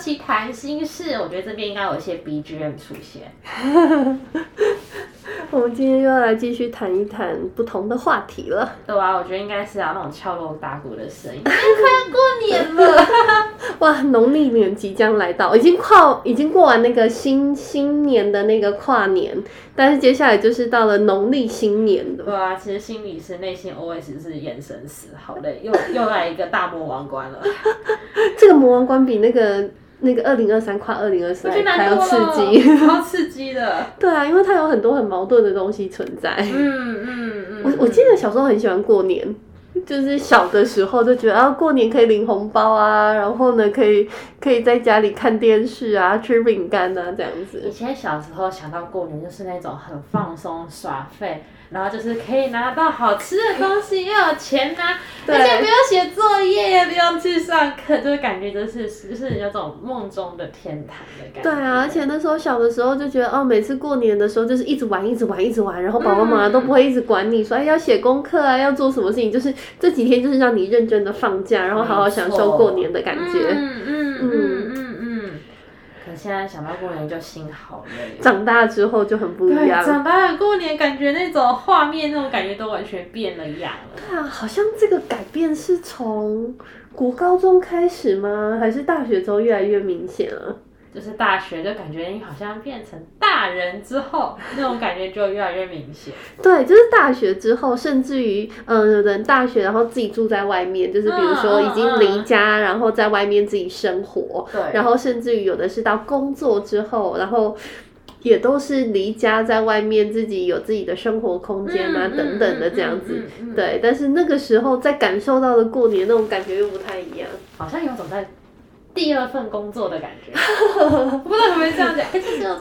去談心事，我覺得這邊應該有一些 BGM 出現。 我們今天又要來繼續談一談不同的話題了。對吧、啊，我覺得應該是啊那種敲鑼打鼓的聲音。快要過年了，哇，農曆年即將來到，已經跨已經過完那個新新年的那個跨年，但是接下來就是到了農曆新年的。對吧、對啊，其實心裡是內心 OS 是眼神死，好累，又又來一個大魔王關了。 這個魔王關比那個。那個二零二三跨二零二三還要刺激，好刺激的。 對啊，因為它有很多很矛盾的東西存在。嗯嗯嗯、嗯嗯，我我記得小時候很喜歡過年，就是小的時候就覺得啊，過年可以領紅包啊，然後呢，可以可以在家裡看電視啊，吃餅乾啊這樣子。以前小時候想到過年就是那種很放鬆耍廢。然後就是可以拿到好吃的東西，又有錢拿、啊。以而且不用寫作業，對也不用去上課，就是感覺就是是不、就是有種夢中的天堂的感覺？對啊，而且那時候小的時候就覺得哦，每次過年的時候就是一直玩，一直玩，一直玩，然後爸爸媽媽都不會一直管你說，說、嗯、哎要寫功課啊，要做什麼事情，就是這幾天就是讓你認真的放假，然後好好享受過年的感覺。嗯嗯錯嗯。嗯嗯我現在想到過年就心好累。長大之後就很不一樣了。長大了過年，感覺那種畫面、那種感覺都完全變了樣了。對啊，好像這個改變是從國高中開始嗎？還是大學之後越來越明顯了啊？就是大學，就感覺你好像變成大人之後，那種感覺就越來越明顯。 對，就是大學之後，甚至於，嗯，有人大學，然後自己住在外面，就是比如說已經離家，嗯嗯、然後在外面自己生活。對。然後甚至於有的是到工作之後，然後也都是離家在外面自己有自己的生活空間啊、嗯、等等的這樣子。嗯嗯嗯嗯嗯、對。但是那個時候在感受到的過年那種感覺又不太一樣，好像有種在第二份工作的感覺， 我不知道怎麼這樣講，哎、欸，這是， 是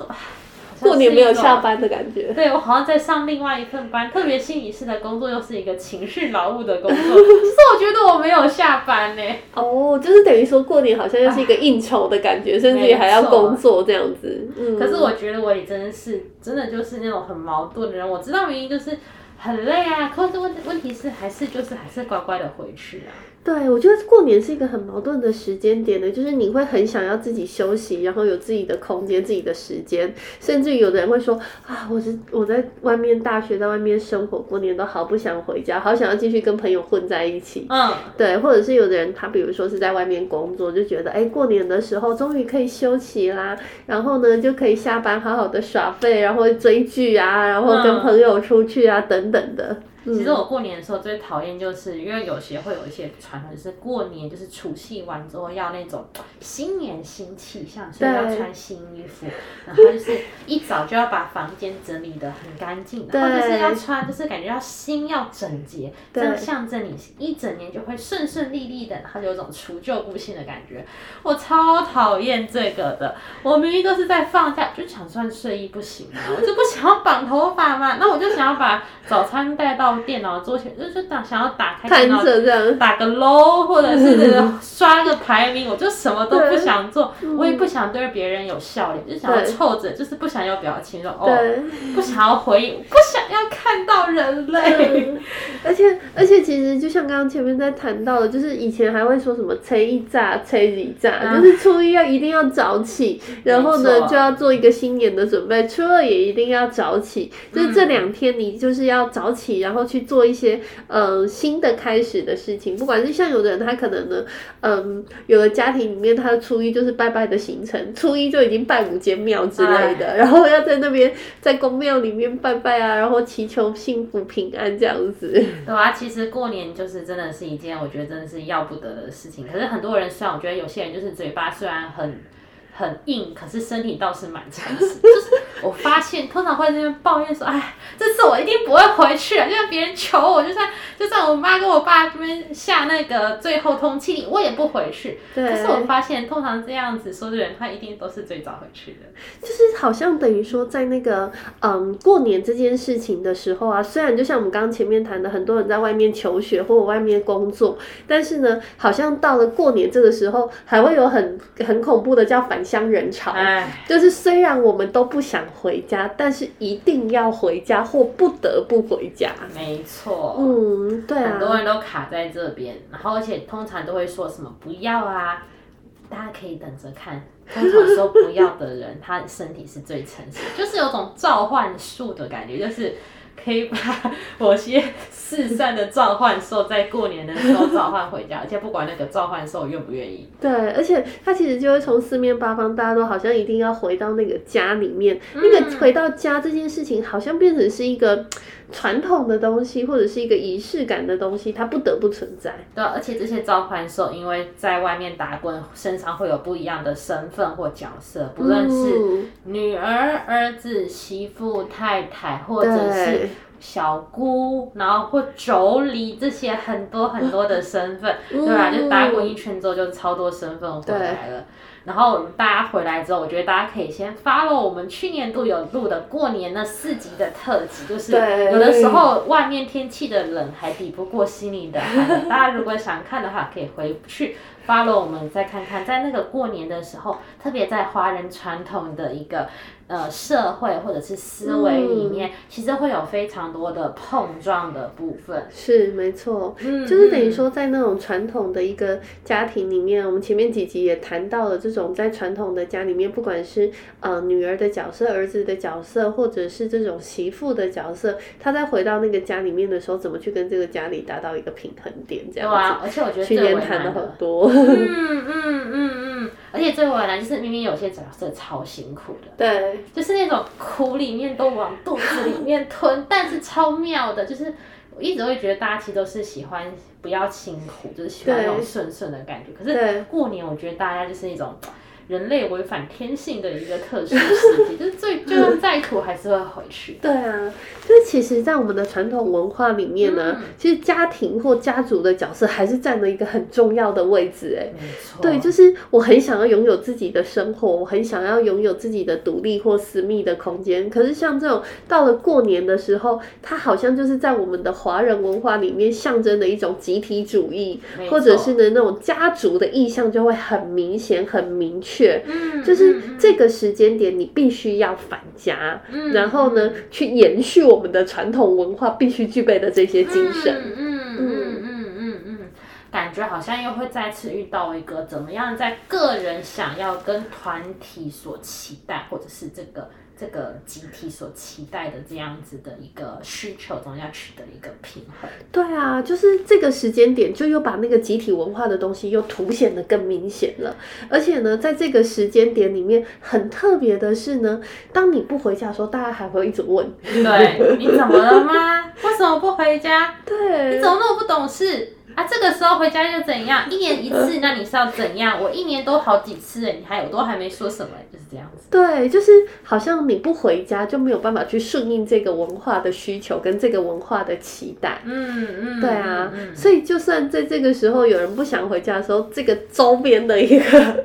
過年沒有下班的感覺。對，我好像在上另外一份班，特別心理師的工作，又是一個情緒勞務的工作。可是 我覺得我沒有下班呢。哦，就是等於說過年好像又是一個應酬的感覺，啊、甚至於還要工作這樣子。沒錯。嗯、可是我覺得我也真的是，真的就是那種很矛盾的人。我知道原因就是。很累啊，可是問問題是還是就是還是乖乖的回去啊。對，我覺得過年是一個很矛盾的時間點的，就是你會很想要自己休息，然後有自己的空間、自己的時間，甚至有的人會說啊，我是我在外面大學，在外面生活，過年都好不想回家，好想要繼續跟朋友混在一起。嗯，對，或者是有的人他比如說是在外面工作，就覺得哎、欸，過年的時候終於可以休息啦，然後呢就可以下班好好的耍廢，然後追劇啊，然後跟朋友出去啊、嗯、等。等等。其實我過年的時候最討厭就是因為有些會有一些傳統，就是過年就是除夕完之後要那種新年新氣象，對所以要穿新衣服， 然後就是一早就要把房間整理的很乾淨，對然後就是要穿，就是感覺要新要整潔，這個象徵你一整年就會順順利利的，它對就有種除舊佈新的感覺。我超討厭這個的，我明明都是在放假，就想穿睡衣不行嗎？啊？ 我就不想要綁頭髮嘛，那我就想要把早餐帶到。電腦桌前就是想想要打開電腦打個 low 或者是刷個排名，我就什麼都不想做，我也不想對別人有笑臉，就想要臭着，就是不想要表情，哦，不想要回應，不想要看到人類。而且而且其實就像剛剛前面在談到的，就是以前還會說什麼初一早，初一早。就是初一要一定要早起，然後呢就要做一個新年的準備。初二也一定要早起，就是這兩天你就是要早起，然後。去做一些嗯、呃、新的開始的事情，不管是像有的人他可能呢，嗯、呃，有的家庭裡面他的初一就是拜拜的行程，初一就已經拜五間廟之類的，唉然後要在那邊在宮廟裡面拜拜啊，然後祈求幸福平安這樣子。對啊，其實過年就是真的是一件我覺得真的是要不得的事情，可是很多人雖然我覺得有些人就是嘴巴雖然很很硬，可是身體倒是蠻誠實。 我發現通常會在那邊抱怨說：“哎，這次我一定不會回去了啊。”就像別人求我，就算就算我媽跟我爸這邊下那個最後通氣，我也不回去。對。可是我發現，通常這樣子說的人，他一定都是最早回去的。就是好像等於說，在那個嗯過年這件事情的時候啊，雖然就像我們剛剛前面談的，很多人在外面求學或者外面工作，但是呢，好像到了過年這個時候，還會有很很恐怖的叫返鄉人潮。哎。就是雖然我們都不想。回家，但是一定要回家或不得不回家。沒錯，嗯，對啊，很多人都卡在這邊，然後而且通常都會說什麼“不要啊”，大家可以等着看。通常說“不要”的人， 他身體是最誠實，就是有種召喚術的感覺，就是。可以把某些四散的召喚獸在過年的時候召喚回家， 而且不管那個召喚獸願不願意。對，而且他其實就會從四面八方，大家都好像一定要回到那個家裡面。嗯、那個回到家這件事情，好像變成是一個傳統的東西或者是一個儀式感的東西，它不得不存在。對、啊，而且這些召喚獸因為在外面打滾，身上會有不一樣的身份或角色，不論是女兒、兒子、媳婦、太太，或者是小姑，對然後或妯娌這些很多很多的身份，嗯、對吧、啊？就打滾一圈之後，就超多身份回來了。然後我們大家回來之後，我覺得大家可以先 follow 我們去年度有錄的過年那四集的特輯，就是有的時候外面天氣的冷還抵不過心裡的寒冷。大家如果想看的話，可以回去 follow 我們，再看看在那個過年的時候，特別在華人傳統的一個。呃，社會或者是思維裡面，嗯、其實會有非常多的碰撞的部分。是，沒錯，嗯、就是等於說，在那種傳統的一個家庭裡面，我們前面幾集也談到了這種在傳統的家裡面，不管是呃女兒的角色、兒子的角色，或者是這種媳婦的角色，他在回到那個家裡面的時候，怎麼去跟這個家裡達到一個平衡點？這樣子對啊，而且我覺得去年談了很多。嗯嗯嗯嗯。嗯嗯嗯 而且最後來就是明明有些角色超辛苦的。對。就是那種苦裡面都往肚子裡面吞，但是超妙的，就是我一直會覺得大家其實都是喜歡不要辛苦，就是喜歡那種順順的感覺。可是過年，我覺得大家就是那種。人類違反天性的一個特殊事情， 就是最就是再苦還是會回去，嗯。對啊，就是其實，在我們的傳統文化裡面呢，嗯、其實家庭或家族的角色還是占了一個很重要的位置。哎錯，沒錯。對，就是我很想要擁有自己的生活，我很想要擁有自己的獨立或私密的空間。可是像這種到了過年的時候，它好像就是在我們的華人文化裡面象徵的一種集體主義，沒錯，或者是呢那種家族的意向就會很明顯、很明確。嗯嗯，就是這個時間點，你必須要返家，嗯、然後呢，去延續我們的傳統文化必須具備的這些精神。嗯嗯嗯嗯嗯嗯，嗯，感覺好像又會再次遇到一個怎麼樣，在個人想要跟團體所期待，或者是這個。這個集體所期待的這樣子的一個需求中，要取得一個平衡。對啊，就是這個時間點，就又把那個集體文化的東西又凸顯得更明顯了。而且呢，在這個時間點裡面，很特別的是呢，當你不回家的時候，大家還會一直問：對，你怎麼了嗎？ 為什麼不回家？對，你怎麼那麼不懂事？那、啊、這個時候回家又怎樣？一年一次，那你是要怎樣？呃、我一年都好幾次，你還有都還沒說什麼，就是這樣子。對，就是好像你不回家就沒有辦法去順應這個文化的需求跟這個文化的期待。嗯嗯，嗯對啊，嗯、所以就算在這個時候有人不想回家的時候，這個周邊的一個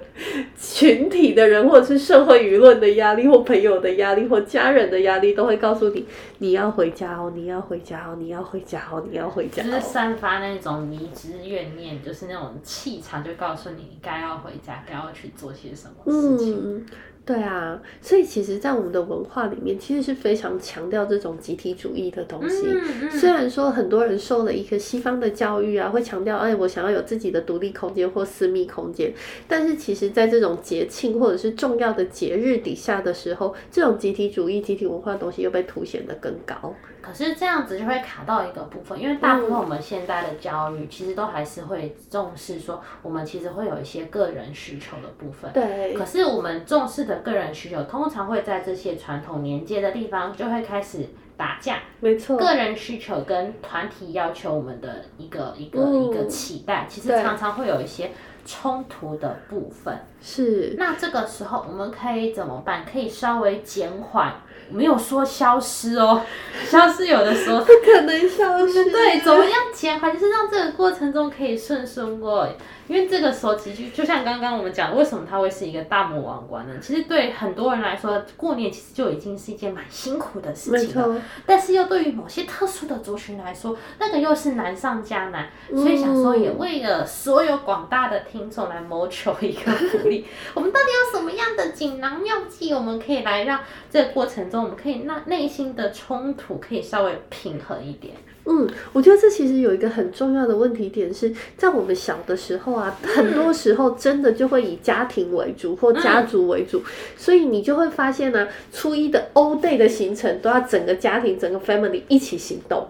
群體的人，或者是社會輿論的壓力，或朋友的壓力，或家人的壓力，都會告訴你。你要回家哦！你要回家哦！你要回家哦！你要回家哦！回家哦。就是散發那種迷之怨念，就是那種氣場，就告訴你該要回家，該要去做些什麼事情。嗯對啊，所以其實，在我們的文化裡面，其實是非常強調這種集體主義的東西。嗯嗯、雖然說很多人受了一個西方的教育啊，會強調，哎，我想要有自己的獨立空間或私密空間。但是，其實，在這種節慶或者是重要的節日底下的時候，這種集體主義、集體文化的東西又被凸顯得更高。可是這樣子就會卡到一個部分，因為大部分我們現在的教育其實都還是會重視說，我們其實會有一些個人需求的部分。對。可是我們重視的。個人需求通常會在這些傳統年節的地方就會開始打架，沒錯錯。個人需求跟團體要求我們的一個一個不一個期待，其實常常會有一些衝突的部分。是對。那這個時候我們可以怎麼辦？可以稍微減緩，沒有說消失哦，消失有的時候不 可能消失。對，怎麼樣減緩？就是讓這個過程中可以順順過。因為這個時候其實就像剛剛我們講，為什麼它會是一個大魔王關呢？其實對很多人來說，過年其實就已經是一件蠻辛苦的事情了。沒錯。但是又對於某些特殊的族群來說，那個又是難上加難。所以想說，也為了所有廣大的聽眾來謀求一個福利，嗯、 我們到底有什麼樣的錦囊妙計，我們可以來讓這個過程中，我們可以讓內心的衝突可以稍微平和一點。嗯，我覺得這其實有一個很重要的問題點是，是在我們小的時候啊，很多時候真的就會以家庭為主或家族為主，嗯，所以你就會發現呢，啊，初一的 all day 的行程都要整個家庭、整個 family 一起行動，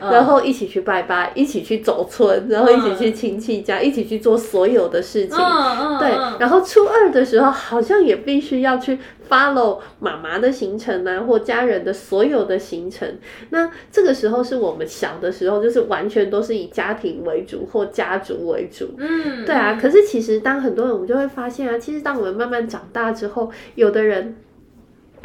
然後一起去拜拜，uh, 一起去走村，然後一起去親戚家，uh, 一起去做所有的事情。Uh, uh, uh, 對，然後初二的時候，好像也必須要去 follow 媽媽的行程啊，或家人的所有的行程。那這個時候是我們小的時候，就是完全都是以家庭為主或家族為主。嗯，對啊。可是其實當很多人，我們就會發現啊，其實當我們慢慢長大之後，有的人。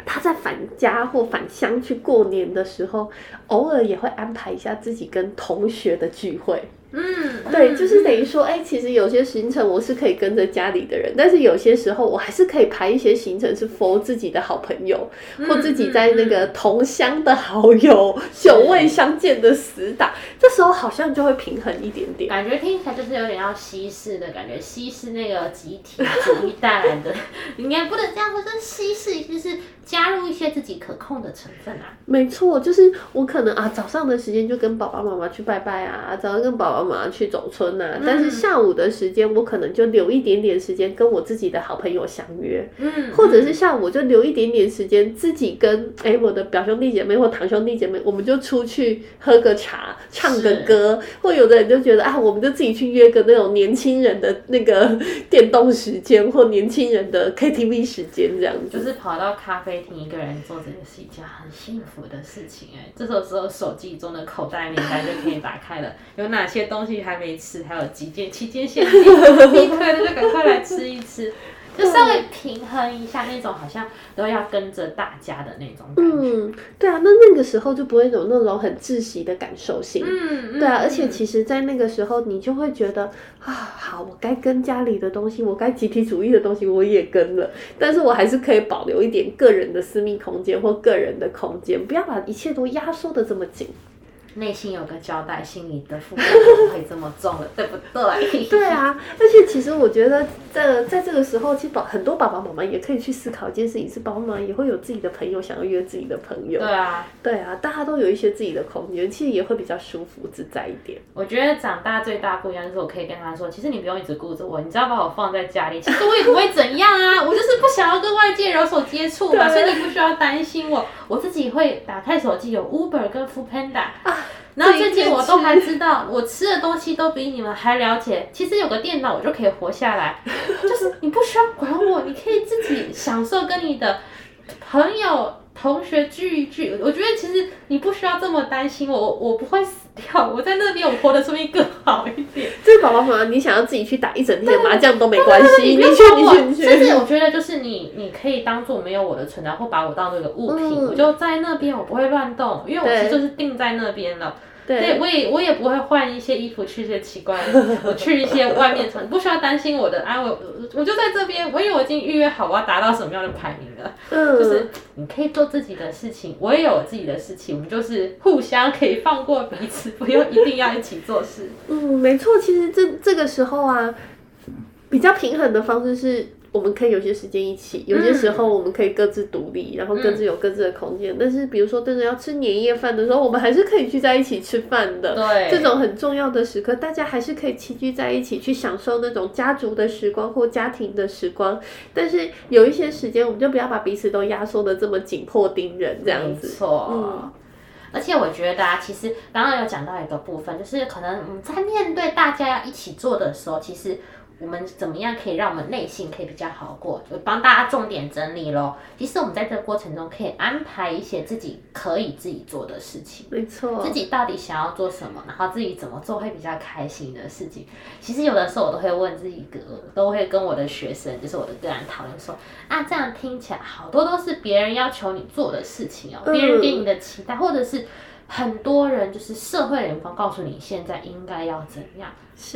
他在返家或返鄉去過年的時候，偶爾也會安排一下自己跟同學的聚會。嗯，對，就是等於說，哎、欸，其實有些行程我是可以跟着家裡的人，但是有些時候我還是可以排一些行程是 for 自己的好朋友，嗯、或自己在那個同鄉的好友，久未、嗯、相見的死黨。是這時候好像就會平衡一點點，感覺聽起來就是有點要稀釋的感覺，稀釋那個集體主義帶來的，應該 不能這樣說，這是稀釋一些是。加入一些自己可控的成分啊，沒錯，就是我可能啊，早上的時間就跟爸爸媽媽去拜拜啊，早上跟爸爸媽媽去走村吶、啊。嗯、但是下午的時間，我可能就留一點點時間跟我自己的好朋友相約，嗯，或者是下午就留一點點時間自己跟哎、欸、我的表兄弟姐妹或堂兄弟姐妹，我們就出去喝個茶，唱個歌。是或有的人就覺得啊，我們就自己去約個那種年輕人的那個電動時間，或年輕人的 KTV 時間這樣子，就是跑到咖啡。一個人做著也是一件很幸福的事情哎、欸。這時候，只有手機中的口袋名單就可以打開了，有哪些東西還沒吃，還有幾件，期間限定，立刻就趕快來吃一吃。就稍微平衡一下對那種好像都要跟着大家的那種感覺，嗯，對啊，那那個時候就不會有那種很窒息的感受性，嗯，嗯對啊，而且其實，在那個時候，你就會覺得啊、嗯哦，好，我該跟家裡的東西，我該集體主義的東西，我也跟了，但是我還是可以保留一點個人的私密空間或個人的空間，不要把一切都壓縮得這麼緊。內心有個交代，心裡的負擔就不會這麼重了， 對不對？對啊，而且其實我覺得在，在在這個時候，其實寶很多爸爸媽媽也可以去思考一件事情，是保暖也會有自己的朋友，想要約自己的朋友。對啊，對啊，大家都有一些自己的空間，其實也會比較舒服、自在一點。我覺得長大最大不一樣就是，我可以跟他說，其實你不用一直顧着我，你只要把我放在家裡，其實我也不會怎樣啊， 我就是不想要跟外界有所接觸嘛，對所以你不需要擔心我。我自己會打開手機，有 Uber 跟 Food Panda。 然後最近我都還知道，我吃的東西都比你們還了解。其實有個電腦我就可以活下來，就是你不需要管我，你可以自己享受跟你的朋友，同學聚一聚，我覺得其實你不需要這麼擔心我，我不會死掉，我在那邊，我活得稍微更好一點。這個寶寶嘛？你想要自己去打一整天麻將都沒關係對，你去，你去，你去，是我覺得，就是你，你可以當做沒有我的存在，或把我當做一個物品，嗯、我就在那邊，我不會亂動，因為我其實就是定在那邊了。對 對，對，我也我也不會換一些衣服去一些奇怪的，我 去一些外面穿，不需要擔心我的啊，我我，我就在這邊，我以為我已經預約好我要達到什麼樣的排名了，嗯，就是你可以做自己的事情，我也有自己的事情，我們就是互相可以放過彼此，不用一定要一起做事。嗯，沒錯，其實這這個時候啊，比較平衡的方式是。我們可以有些時間一起，有些時候我們可以各自獨立，嗯、然後各自有各自的空間。嗯、但是，比如說真的要吃年夜飯的時候，我們還是可以聚在一起吃飯的。對，這種很重要的時刻，大家還是可以齊聚在一起，去享受那種家族的時光或家庭的時光。但是，有一些時間，我們就不要把彼此都壓縮得這麼緊迫盯人這樣子。沒錯錯，嗯、而且我覺得、啊，其實剛剛有講到一個部分，就是可能在面對大家要一起做的時候，其實。我們怎麼樣可以讓我們內心可以比較好過？就幫大家重點整理咯其實我們在這個過程中可以安排一些自己可以自己做的事情。沒錯。自己到底想要做什麼，然後自己怎麼做會比較開心的事情。其實有的時候我都會問自己個，都會跟我的學生，就是我的個案討論說，啊，這樣聽起來好多都是別人要求你做的事情哦，嗯、別人給你的期待，或者是很多人就是社會眼光告訴你現在應該要怎樣。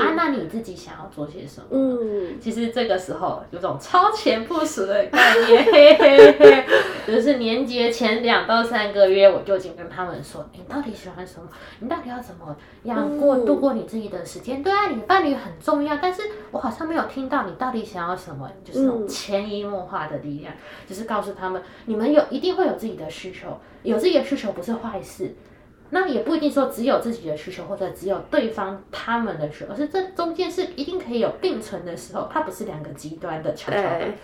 啊，那你自己想要做些什麼？嗯，其實這個時候有種超前部署的概念， 嘿嘿嘿，就是年節前兩到三個月，我就已經跟他們說，你到底喜歡什麼？你到底要怎麼樣過、嗯、度過你自己的時間？對啊，你的伴侶很重要，但是我好像沒有聽到你到底想要什麼，就是那種潛移默化的力量，嗯、就是告訴他們，你們有一定會有自己的需求，有自己的需求不是壞事。那也不一定說只有自己的需求，或者只有對方他們的需求，而是這中間是一定可以有並存的時候，它不是兩個極端的悄悄的，哎、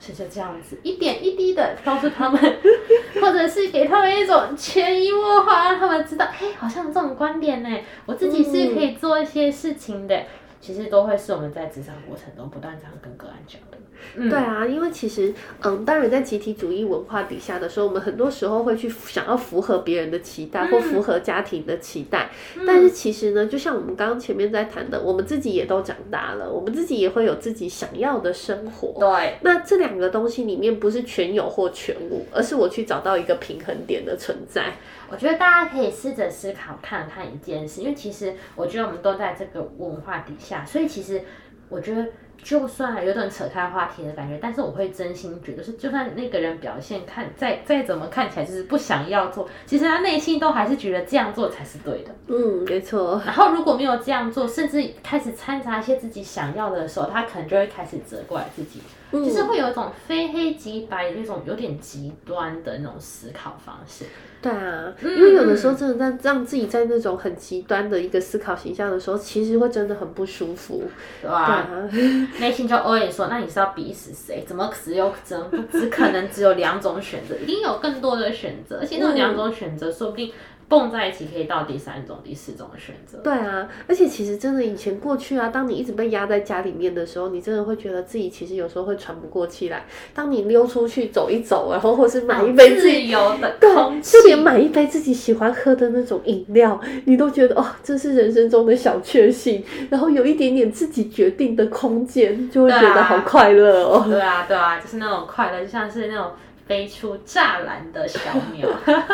所以就這樣子一點一滴的，告訴他們， 或者是給他們一種潛移默化，讓他們知道，哎、欸，好像這種觀點呢、欸，我自己是可以做一些事情的。嗯其實都會是我們在職場過程中不斷這樣跟個案講的。嗯、對啊，因為其實，嗯，當然在集體主義文化底下的時候，我們很多時候會去想要符合別人的期待或符合家庭的期待。嗯、但是其實呢，就像我們剛剛前面在談的，我們自己也都長大了，我們自己也會有自己想要的生活。對。那這兩個東西裡面不是全有或全無，而是我去找到一個平衡點的存在。我覺得大家可以試着思考看看一件事，因為其實我覺得我們都在這個文化底下。所以其實我覺得，就算有點扯開話題的感覺，但是我會真心覺得是，就算那個人表現看再再怎麼看起來就是不想要做，其實他內心都還是覺得這樣做才是對的。嗯，沒錯。然後如果沒有這樣做，甚至開始摻雜一些自己想要的時候，他可能就會開始責怪自己。就是會有一種非黑即白的那種有點極端的那種思考方式。嗯、對啊，因為有的時候真的讓、嗯、讓自己在那種很極端的一個思考形象的時候，其實會真的很不舒服。對吧？內心就 OS 說：“那你是要逼死誰？怎麼只有只可能只有兩種選擇？ 一定有更多的選擇，而且那兩種選擇說不定。”蹦在一起可以到第三種、第四種的選擇。對啊，而且其實真的以前過去啊，當你一直被壓在家裡面的時候，你真的會覺得自己其實有時候會喘不過氣來。當你溜出去走一走，然後或是買一杯自由的空氣，就連買一杯自己喜歡喝的那種飲料，你都覺得哦，這是人生中的小確幸。然後有一點點自己決定的空間，就會覺得好快樂哦。對啊，對啊，就是那種快樂，就像是那種。飛出柵欄的小鳥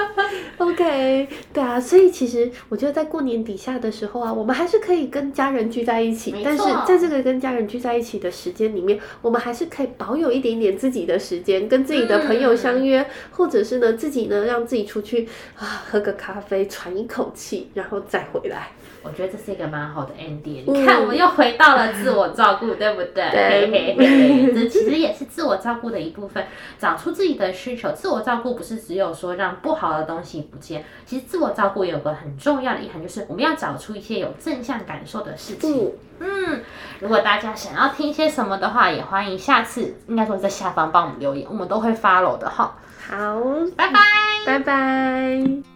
，OK，對啊，所以其實我覺得在過年底下的時候啊，我們還是可以跟家人聚在一起。沒錯。但是在這個跟家人聚在一起的時間裡面，我們還是可以保有一點點自己的時間，跟自己的朋友相約，嗯、或者是呢自己呢讓自己出去啊喝個咖啡，喘一口氣，然後再回來。我覺得這是一個蠻好的 ending 你看，我又回到了自我照顧，嗯、對不對？對嘿嘿嘿，這其實也是自我照顧的一部分，找出自己的需求。自我照顧不是只有說讓不好的東西不見，其實自我照顧也有個很重要的意涵，就是我們要找出一些有正向感受的事情。嗯，嗯，如果大家想要聽一些什麼的話，也歡迎下次，應該說在下方幫我們留言，我們都會 follow 的哈。好，bye bye 拜拜，拜拜。